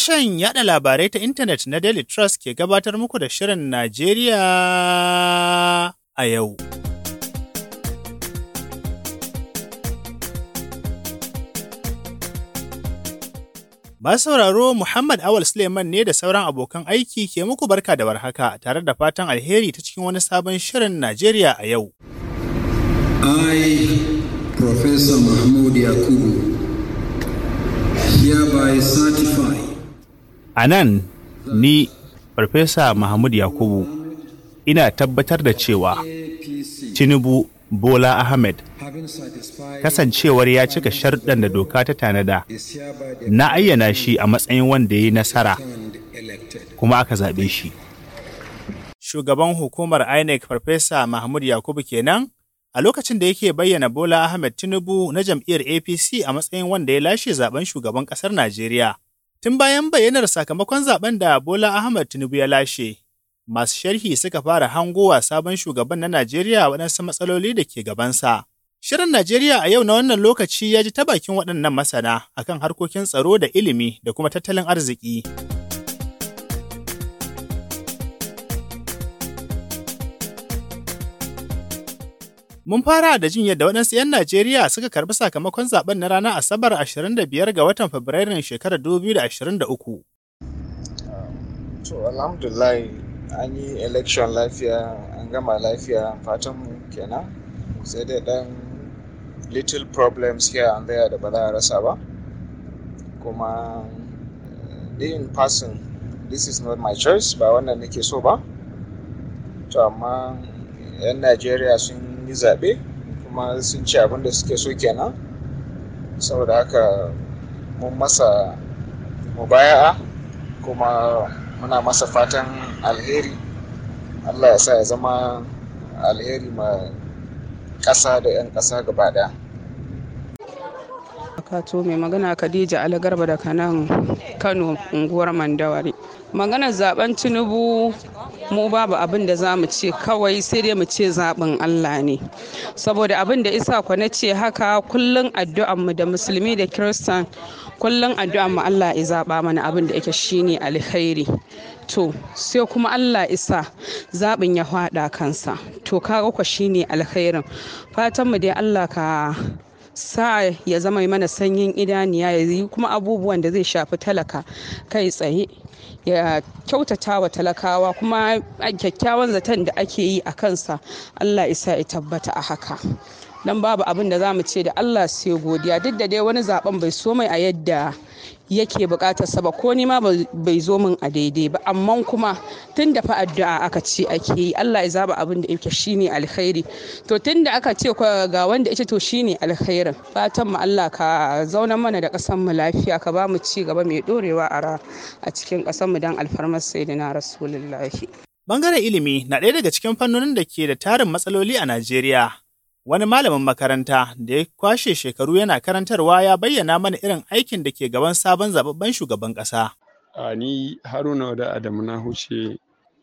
Sashen yada labarai ta intanet na Daily Trust ke gabatar muku da Shirin Najeriya a yau. Masu sauraro Muhammad Awal Suleiman ne da sauran abokan aiki ke muku barka da warhaka tare da fatan alheri ta cikin wani sabon Shirin Najeriya a yau. I, Professor Mahmoud Yakubu, hereby certified. A nan ni Farfesa Mahmud Yakubu ina tabbatar da cewa Tinubu Bola Ahmed kasancewar ya cika sharɗan da doka ta tanada na ayyana shi a matsayin wanda ya yi nasara kuma aka zaɓe shi. Shugaban hukumar INEC Farfesa Mahmud Yakubu kenan a lokacin da yake bayyana Bola Ahmed Tinubu na jam'iyyar APC a matsayin wanda ya lashe zaben shugaban ƙasar Najeriya. Tun bayan bayyanar sakamakon zaben da Bola Ahmed Tinubu ya lashe, masu sharhi suka fara hangowa sabon shugaban na Najeriya waɗansu matsaloli da ke gabansa. Shirin Najeriya a yau na wannan lokaci ya ji ta bakin waɗannan masana akan harkokin tsaro da ilimi da kuma tattalin arziki. Mun fara da jin yadda waɗansu 'yan Najeriya suka karɓi sakamakon zaben na ranar Asabar 25 ga watan Fabrairu shekarar 2023. To, alhamdulillah an yi election lafiya, an gama lafiya fatan mu kenan. Sai dai ɗan little problems here and there da ba za a rasa ba. Kuma in person, this is not my choice, ba wannan nake so ba. To, amma 'yan Najeriya sun yi zaɓe kuma sun ci abin da suke so kenan saboda haka mun masa mubaya'a kuma muna masa fatan alheri allah ya sa ya zama alheri ma ƙasa da 'yan ƙasa gaba ɗaya Fato mai magana Khadija Alagarba daga nan Kano unguwar Mandawari. Maganar zaben Tinubu mu babu abin da za mu ce kawai sai dai mu ce zaben Allah ne. Saboda abin da isa ku na ce haka kullum addu'anmu da musulmi da kiristan kullum addu'anmu Allah ya zaba mana abin da yake shine alkhairi. to sai kuma Allah isa zaɓin ya haɗa kansa to kaga kwa shine alkhairin fatan mu dai Allah ka sa ya zama mana sanyin idaniya ya yi kuma abubuwan da zai shafi talaka kai tsaye ya kyautata wa talakawa kuma kyakkyawan zaton da ake yi a kansa allah isa ya tabbata a haka don babu abin da za mu ce da Allah sai godiya duk da dai wani zaben bai so mai a yadda yake bukatar sa ba ko ni ma bai zo min a daidai ba amma kuma tun da fa addu'a aka ce ake yi Allah ya zaba abin da yake shine alkhairi to tun da aka ce ga wanda ita to shine alkhairin fatan mu Allah ka zauna mana da kasan mu lafiya ka ba mu ci gaba mai dorewa a a cikin kasan mu dan alfarmar sayyidina rasulullahi Bangaren ilimi na ɗaya daga cikin fannonin da ke da tarin matsaloli a Najeriya. Wani malamin makaranta da ya kwashe shekaru yana karantarwa ya bayyana mana irin aikin da ke gaban sabon zababben shugaban ƙasa. A ni Haruna da Adamu na huce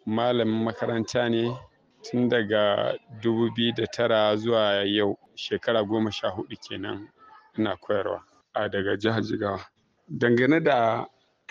malamin makaranta ne tun daga 2009 zuwa yau shekara goma sha hudu kenan ina koyarwa a daga jihar Jigawa. Dangane da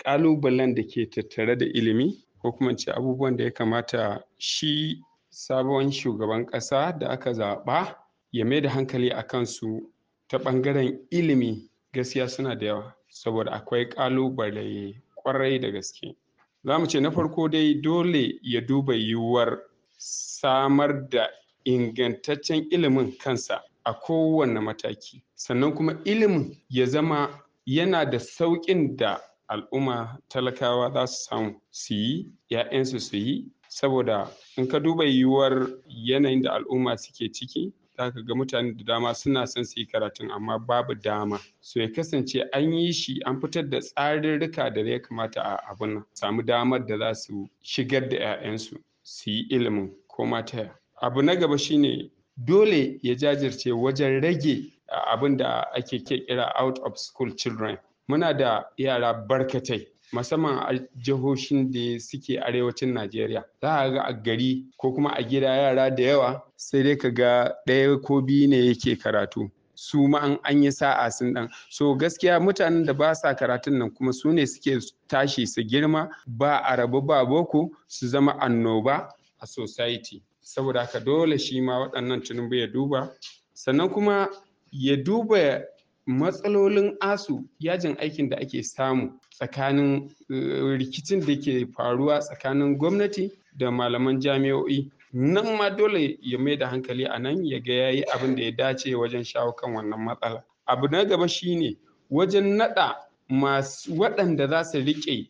ƙalubalen da ke tattare da ilimi ko kuma ce abubuwan da ya kamata shi sabon shugaban ƙasa da aka zaɓa ya mai da hankali a kansu ta ɓangaren ilimi gaskiya suna da yawa saboda akwai ƙalubale ƙwarai da gaske za mu ce na farko dai dole ya duba yiwuwar samar da ingantaccen ilimin kansa a kowane mataki sannan kuma ilimin ya zama yana da sauƙin da al'umma talakawa za su samu su yi 'ya'yansu su yi saboda in ka duba yiwuwar yanayin da al'umma suke ciki ka ga mutane da dama suna son su yi karatun amma babu dama so ya kasance an yi shi an fitar da tsarin rika da ya kamata a abun nan samu damar da za su shigar da 'ya'yansu su yi ilimin ko ma taya abu na gaba shine dole ya jajirce wajen rage abin da ake kira out of school children muna da yara barkatai musamman a jihohin da suke arewacin Najeriya. Za a ga a gari ko kuma a gida yara da yawa sai dai ka ga ɗaya ko biyu ne yake karatu. su ma an yi sa'a sun dan so gaskiya mutanen da ba sa karatun nan kuma su ne suke tashi su girma ba a rabu ba boko su zama annoba a society saboda haka dole shi ma waɗannan tunubu ya duba sannan kuma ya duba matsalolin asu yajin aikin da ake samu tsakanin eh, rikicin da ke faruwa tsakanin gwamnati da malaman jami'o'i nan ma dole ya mai da hankali a nan ya ga yayi abin da ya dace wajen shawo kan wannan matsala abu na gaba shine wajen nada masu waɗanda za su riƙe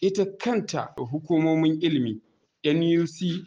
ita kanta hukumomin ilimi nuc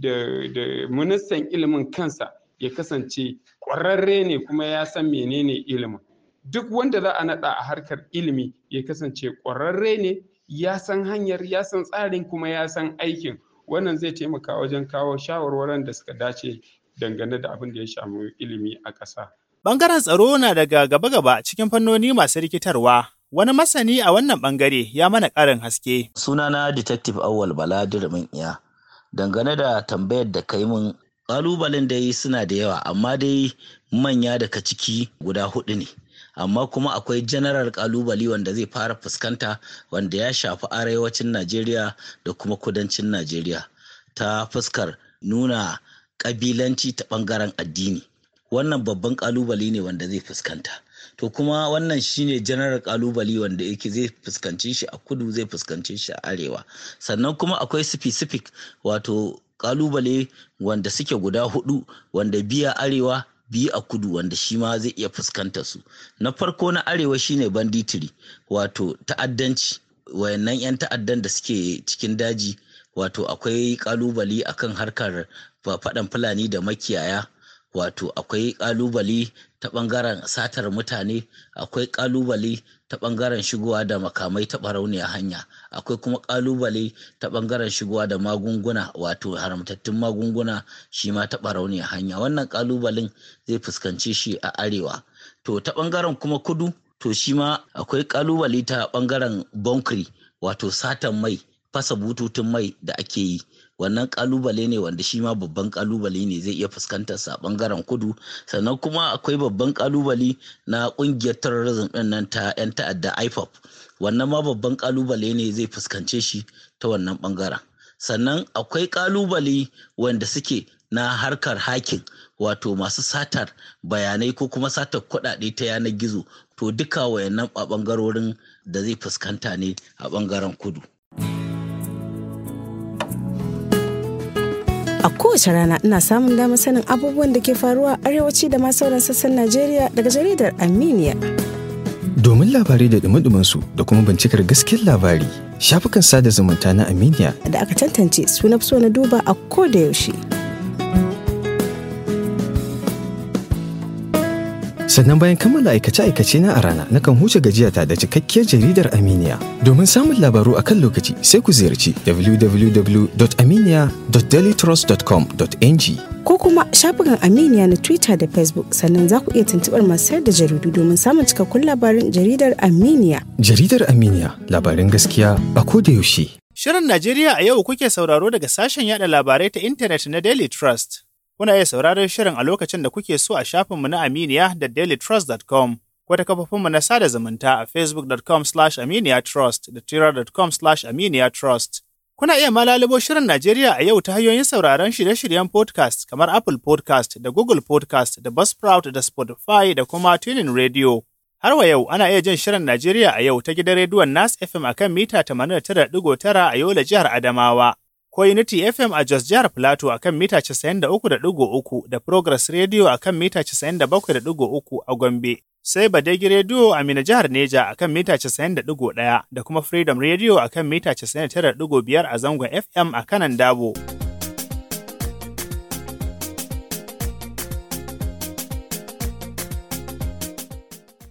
da ministan ilimin kansa ya kasance ƙwararre ne kuma ya san menene ilimin duk wanda za a naɗa a harkar ilimi ya kasance ƙwararre ne ya san hanyar ya san tsarin kuma ya san aikin wannan zai taimaka wajen kawo shawarwaran da suka dace dangane da abin da ya shamu ilimi a ƙasa. Bangaren tsaro na daga gaba-gaba cikin fannoni masu rikitarwa Wani masani a wannan bangare ya mana ƙarin haske. Sunana Detective Awal Bala Durmin Iya. Dangane da tambayar da kai min ƙalubalen yi suna da yawa amma dai manya daga ciki guda hudu ne. amma kuma akwai general ƙalubale wanda zai fara fuskanta wanda ya shafi arewacin najeriya da kuma kudancin najeriya ta fuskar nuna kabilanci ta bangaren addini wannan babban ƙalubale ne wanda zai fuskanta to kuma wannan shine general kalubale wanda yake zai fuskance shi a kudu zai fuskance shi a arewa sannan kuma akwai specific wato kalubale wanda suke guda hudu wanda biya arewa biyu a kudu wanda shi ma zai iya fuskantar su na farko na arewa shine banditiri wato ta'addanci wayannan 'yan ta'addan da suke cikin daji wato akwai kalubali akan harkar faɗan fulani da makiyaya wato akwai kalubali ta ɓangaren satar mutane akwai ƙalubale ta ɓangaren shigowa da makamai ta ɓarauniya hanya akwai kuma ƙalubale ta ɓangaren shigowa da magunguna wato haramtattun magunguna shi ma ta ɓarauniya hanya wannan ƙalubalin zai fuskanci shi a arewa to ta ɓangaren kuma kudu to shi ma akwai ƙalubale ta ɓangaren bonkiri wato satan mai fasa bututun mai da ake yi wannan kalubale ne wanda shi ma babban kalubale ne zai iya fuskantar sa bangaren kudu sannan kuma akwai babban kalubale na kungiyar terrorism din nan ta yan ta'adda IPOP wannan ma babban kalubale ne zai fuskance shi ta wannan bangaren sannan akwai kalubale wanda suke na harkar hakin wato masu satar bayanai ko kuma satar kuɗaɗe ta yanar gizo to duka wayannan a bangarorin da zai fuskanta ne a bangaren kudu kowace rana ina samun damar sanin abubuwan da ke faruwa arewaci da ma sauran sassan najeriya daga jaridar armenia domin labarai da dumi su da kuma bincikar gaskiyar labari shafukan sada zumunta na armenia da aka tantance suna so na duba a ko da yaushe sannan bayan kammala aikace-aikace na a rana nakan huce gajiyata da cikakkiyar jaridar aminiya domin samun labaru a kan lokaci sai ku ziyarci www.aminiya.dailytrust.com.ng ko kuma shafukan aminiya na twitter da facebook sannan za ku iya tuntuɓar masu sayar da jaridu domin samun cikakkun labarin jaridar aminiya jaridar aminiya labarin gaskiya a da yaushe shirin najeriya a yau kuke sauraro daga sashen yada labarai ta intanet na daily trust Kuna iya sauraron shirin a lokacin da kuke so a shafinmu na Aminiya da dailytrust.com ko ta kafofinmu na sada zumunta a facebook.com slash aminiyatrust da twitter.com slash aminiyatrust. Kuna iya malalibo shirin Najeriya a yau ta hanyoyin sauraron shirye-shiryen podcast kamar Apple podcast da Google podcast da Buzzsprout da Spotify da kuma Tuning Radio. Har wa yau ana iya jin shirin Najeriya a yau ta gidan rediyon Nas FM a kan mita 89.9 a Yola jihar Adamawa ko Unity FM a Jos Jihar Plateau akan mita 93.3 da Progress Radio akan mita 97.3 a Gombe. Sai Badegi Radio a Mina Jihar Neja akan mita 91.1 da kuma Freedom Radio akan mita 99.5 a zangon FM a kanan Dabo.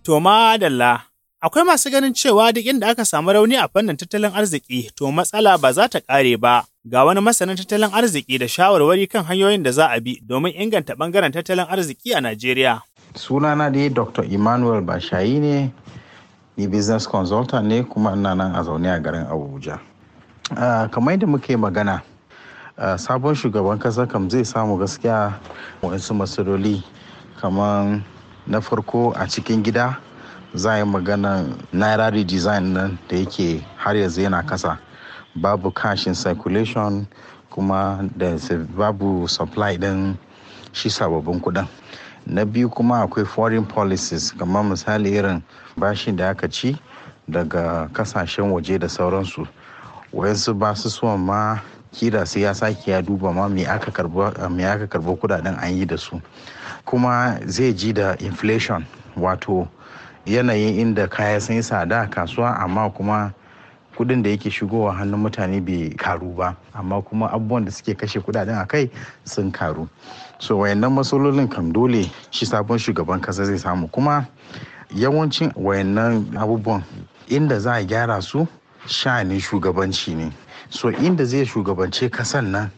To ma dalla Akwai masu ganin cewa duk inda aka samu rauni a fannin tattalin arziki to matsala ba za ta ƙare ba. Ga wani masanin tattalin arziki da shawarwari kan hanyoyin da za a bi domin inganta ɓangaren tattalin arziki a Najeriya. Sunana dai Dr. Emmanuel Bashayi ne, ni business consultant ne kuma ina nan a zaune a garin Abuja. kamar yadda muke magana, uh, sabon shugaban kasa kam zai samu gaskiya wa'insu matsaloli kamar na farko a cikin gida za a yi magana naira redesign nan da yake har yanzu yana kasa babu cash in circulation kuma da babu supply din shi sababbin kudin na biyu kuma akwai foreign policies kamar misali irin bashin da aka ci daga kasashen waje da sauransu wayansu ba su suwan ma kira sai ya sake ya duba ma me aka karbo kudaden an yi da su kuma zai ji da inflation wato yanayin inda kaya sun yi tsada kasuwa amma kuma kudin da yake shigowa hannun mutane bai karu ba amma kuma abubuwan da suke kashe kudaden a kai sun karu so wayannan matsalolin kam dole shi sabon shugaban kasa zai samu kuma yawancin wayannan abubuwan inda za a gyara su sha'anin shugabanci ne so inda zai shugabance kasan nan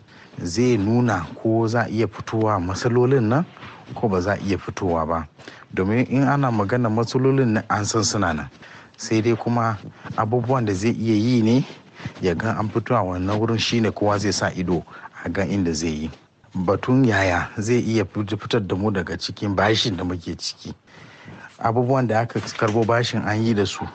zai nuna ko za a iya fitowa matsalolin nan ko ba za a iya fitowa ba domin in ana magana matsalolin na an san suna nan sai dai kuma abubuwan da zai iya yi ne ya ga an fito a wannan wurin shine kowa zai sa ido a ga inda zai yi batun yaya zai iya fitar da mu daga cikin bashin da muke ciki abubuwan da aka karbo bashin an yi da su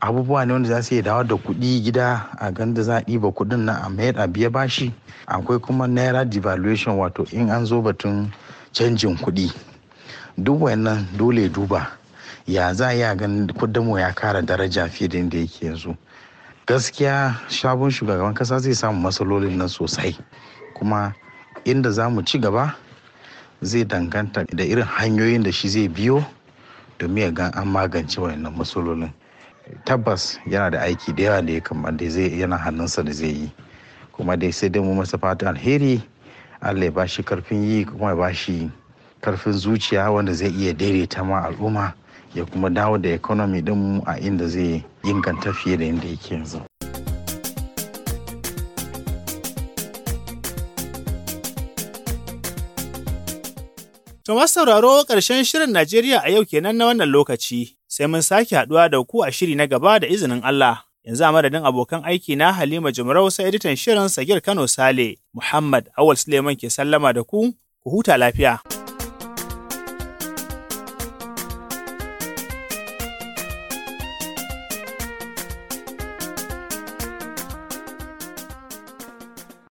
abubuwa ne wanda za su iya dawo da kuɗi gida a ganda za a ɗiba kuɗin na a mayar a biya bashi akwai kuma naira devaluation wato in an zo batun canjin kuɗi duk wannan dole duba ya za ya ganin kudinmu ya kara daraja fiye da inda yake yanzu gaskiya sabon shugaban kasa zai samu matsalolin nan sosai kuma inda za mu ci gaba zai danganta da irin hanyoyin da shi zai biyo domin ya gan an magance wannan matsalolin tabbas yana da aiki da yawa da ya zai yana hannunsa da zai yi kuma dai sai dai mu masa fata alheri allah ya bashi karfin yi kuma ya bashi karfin zuciya wanda zai iya daidaita ma al'umma ya kuma dawo da economy din mu a inda zai inganta fiye da inda yake yanzu To masu sauraro ƙarshen shirin Najeriya a yau kenan na wannan lokaci, sai mun sake haɗuwa da ku a shiri na gaba da izinin Allah. Yanzu a madadin abokan aiki na Halima Jumrau sai editan shirin Sagir Kano Sale, Muhammad Awal Suleiman ke sallama da ku, ku huta lafiya.